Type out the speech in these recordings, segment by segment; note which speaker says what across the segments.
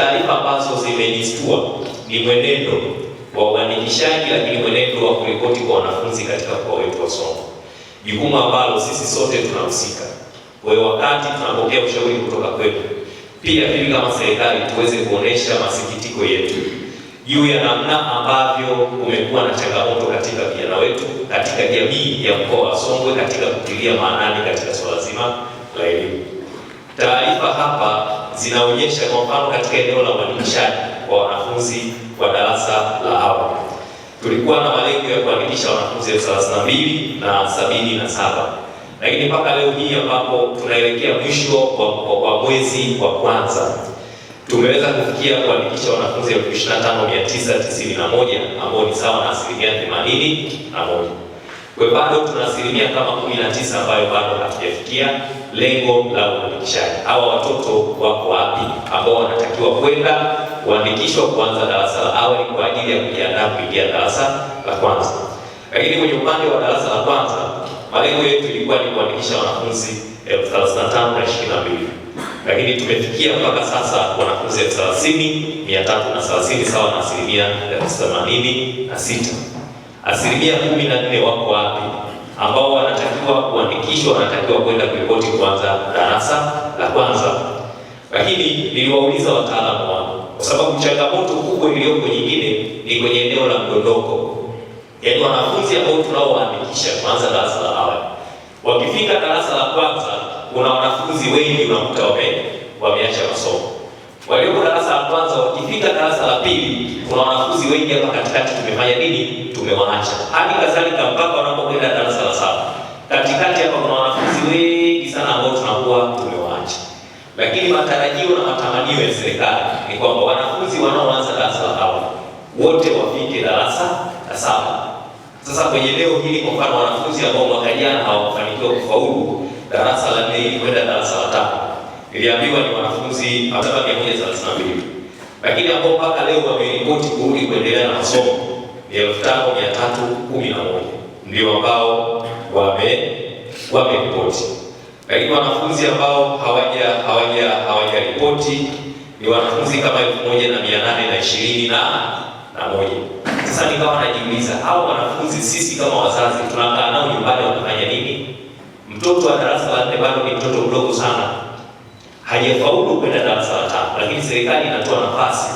Speaker 1: Taarifa ambazo zimejistua ni mwenendo wa uandikishaji, lakini mwenendo wa kuripoti kwa wanafunzi katika mkoa wetu wa Songwe, jukumu ambalo sisi sote tunahusika. Kwa hiyo wakati tunapokea ushauri kutoka kwetu, pia hivi kama serikali tuweze kuonesha masikitiko yetu juu ya namna ambavyo kumekuwa na changamoto katika vijana wetu, katika jamii ya mkoa wa Songwe, katika kutilia maanani katika swala zima la elimu. Taarifa hapa zinaonyesha kwa mfano, katika eneo la uandikishaji wa wanafunzi wa darasa la awali tulikuwa na malengo ya kuandikisha wanafunzi elfu thelathini na mbili na sabini na saba lakini mpaka leo hii ambapo tunaelekea mwisho wa mwezi wa kwanza tumeweza kufikia kuandikisha wanafunzi elfu ishirini na tano mia tisa tisini na moja ambao ni sawa na asilimia themanini na moja. Kwa bado tuna asilimia kama 19 ambayo bado hatujafikia lengo la uandikishaji. Hawa watoto wako wapi ambao wanatakiwa kwenda kuandikishwa kuanza darasa la awali kwa ajili ya kujiandaa kuingia darasa la kwanza? Lakini kwenye upande wa darasa la kwanza, malengo yetu ilikuwa ni kuandikisha wanafunzi 3522 lakini tumefikia mpaka sasa wanafunzi 30330 sawa na asilimia 86 asilimia kumi na nne wako wapi? Ambao wanatakiwa kuandikishwa, wanatakiwa kwenda kuripoti kwanza darasa la kwanza. Lakini niliwauliza wataalamu wangu, kwa sababu changamoto kubwa iliyoko nyingine ni kwenye eneo la mdondoko, yaani wanafunzi ambao tunaowaandikisha kwanza darasa la awali wakifika darasa la kwanza, kuna wanafunzi wengi unakuta wame wameacha masomo walioko darasa la kwanza wakifika darasa la pili, kuna wanafunzi wengi hapa katikati tumefanya nini? Tumewaacha hadi kadhalika mpaka wanapokwenda darasa la saba. Katikati hapa kuna wanafunzi wengi sana ambao tunakuwa tumewaacha, lakini matarajio na matamanio ya serikali ni kwamba wanafunzi wanaoanza darasa la awali wote wafike darasa la saba. Sasa kwenye leo hili, kwa mfano, wanafunzi ambao mwaka jana hawakufanikiwa kufaulu darasa la nne ili kwenda darasa la tano niliambiwa ni wanafunzi saba mia moja thelathini na mbili lakini ambao mpaka leo wameripoti kurudi kuendelea na masomo ni elfu tano mia tatu kumi na moja ndio ambao wame wameripoti, lakini wanafunzi ambao hawaja hawaja hawajaripoti ni wanafunzi kama elfu moja na mia nane na ishirini na na moja. Sasa nikawa najiuliza hao wanafunzi, sisi kama wazazi tunakaa nao nyumbani, wanafanya nini? Mtoto wa darasa la nne bado ni mtoto mdogo sana hajafaulu kwenda darasa la tano, lakini serikali inatoa nafasi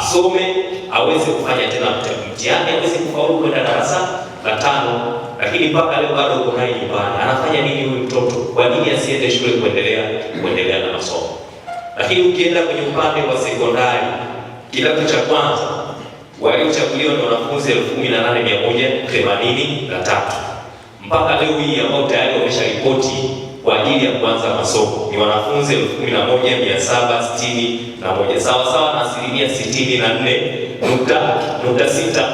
Speaker 1: asome, aweze kufanya tena mtihani, aweze kufaulu kwenda darasa la tano, lakini mpaka leo bado uko naye nyumbani. Anafanya nini huyu mtoto? Kwa nini asiende shule kuendelea kuendelea na masomo? Lakini ukienda kwenye upande wa sekondari, kidato cha kwanza waliochaguliwa ni wanafunzi elfu kumi na nane mia moja themanini na tatu mpaka leo hii ambao tayari wamesha ripoti kwa ajili ya kuanza masomo ni wanafunzi elfu kumi na moja mia saba sitini na moja sawa sawa na asilimia sitini na nne nukta nukta sita.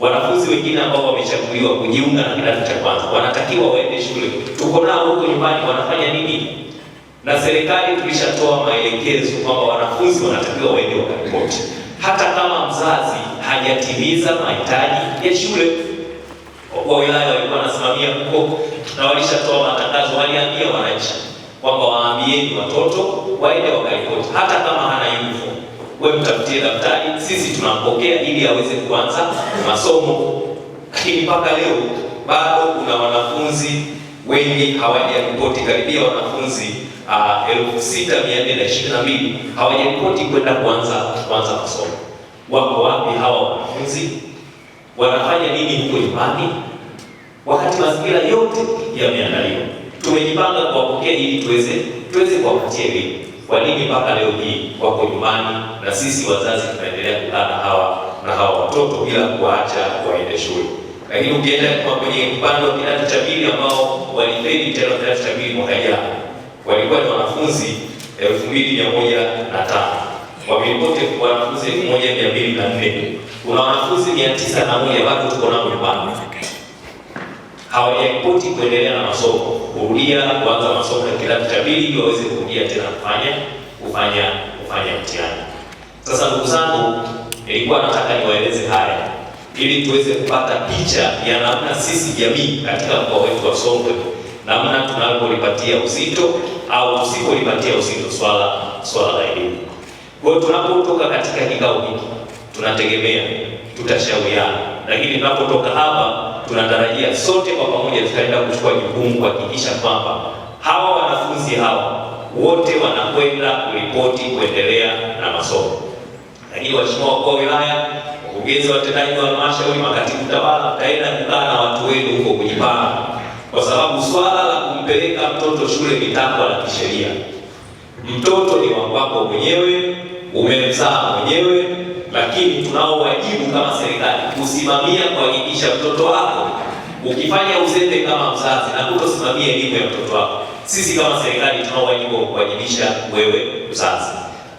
Speaker 1: Wanafunzi wengine ambao wamechaguliwa kujiunga na kidato cha kwanza wanatakiwa waende shule. Tuko nao huko nyumbani, wanafanya nini? Na serikali tulishatoa maelekezo kwamba wanafunzi wanatakiwa waende wakaripoti, hata kama mzazi hajatimiza mahitaji ya shule wakuu wa wilaya walikuwa wanasimamia huko na walishatoa matangazo, waliambia wananchi kwamba waambieni watoto waende wakaripoti, hata kama hana uniform, wewe mtafutie daftari, sisi tunampokea ili aweze kuanza masomo. Lakini mpaka leo bado kuna wanafunzi wengi hawajaripoti, karibia wanafunzi ah, elfu sita mia nne na ishirini na mbili hawajaripoti kwenda kuanza kuanza masomo. Wako wapi hawa wanafunzi? Wanafanya nini huko nyumbani? wakati mazingira yote yameandaliwa. Tumejipanga kuwapokea ili tuweze tuweze kuwapatia elimu. Kwa nini mpaka leo hii wako nyumbani na sisi wazazi tunaendelea kukaa na hawa na hawa watoto bila kuwaacha waende shule? Lakini ukienda kwa kwenye upande wa kidato cha pili ambao walifeli mtihani wa kidato cha pili mwaka jana, walikuwa ni wanafunzi elfu mbili mia moja na tano wameripoti wanafunzi elfu moja mia mbili na nne kuna wanafunzi mia tisa na moja bado tuko nao nyumbani hawajaripoti kuendelea na masomo, kurudia kuanza masomo ya kidato cha pili, ili waweze kurudia tena kufanya kufanya kufanya mtihani. Sasa ndugu zangu, nilikuwa nataka niwaeleze haya ili tuweze kupata picha ya namna sisi jamii katika mkoa wetu wa Songwe, namna tunapolipatia uzito au tusipolipatia uzito swala swala la elimu. Kwa hiyo tunapotoka katika kikao hiki tunategemea tutashauriana, lakini tunapotoka hapa tunatarajia sote kwa pamoja tutaenda kuchukua jukumu kuhakikisha kwamba hawa wanafunzi hawa wote wanakwenda kuripoti kuendelea na masomo. Lakini waheshimiwa wakuu wa wilaya, wakurugenzi watendaji wa halmashauri, makatibu tawala, mtaenda kukaa na watu wenu huko kujipanga, kwa sababu swala la kumpeleka mtoto shule ni takwa la kisheria. Mtoto ni wa kwako mwenyewe, umemzaa mwenyewe lakini tunao wajibu kama serikali kusimamia kuhakikisha mtoto wako ukifanya uzembe kama mzazi na kutosimamia elimu ya mtoto wako, sisi kama serikali tunao wajibu wa kuwajibisha wewe mzazi.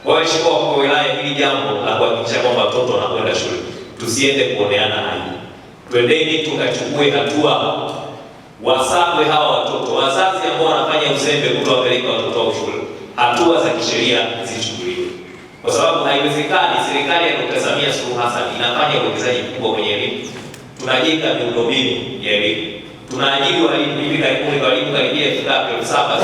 Speaker 1: Kwa heshima kwa wilaya, hili jambo la kuhakikisha kwamba mtoto anakwenda shule, tusiende kuoneana aibu, twendeni tukachukue hatua, wasakwe hawa watoto. Wazazi ambao wanafanya uzembe kutowapeleka watoto wao shule, hatua za kisheria zichukue kwa sababu haiwezekani serikali ya Dkt. Samia Suluhu Hassan inafanya uwekezaji mkubwa kwenye elimu. Tunajenga miundombinu ya elimu, tunaajiri walimu. Hivi karibuni walimu karibia elfu tatu elfu saba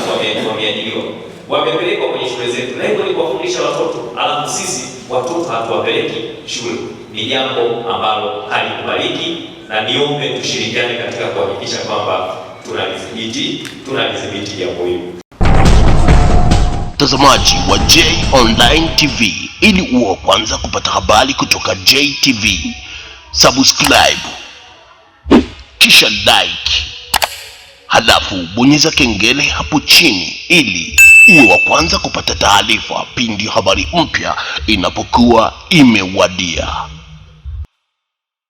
Speaker 1: wameajiriwa, wamepelekwa kwenye shule zetu. Lengo ni kuwafundisha watoto, alafu sisi watoto hatuwapeleki shule. Ni jambo ambalo halikubaliki, na niombe tushirikiane katika kuhakikisha kwamba tunalidhibiti tunalidhibiti jambo hili
Speaker 2: mtazamaji wa J Online TV, ili uwe kwanza kupata habari kutoka JTV, subscribe kisha like, halafu bonyeza kengele hapo chini ili uwe wa kwanza kupata taarifa pindi habari mpya inapokuwa imewadia.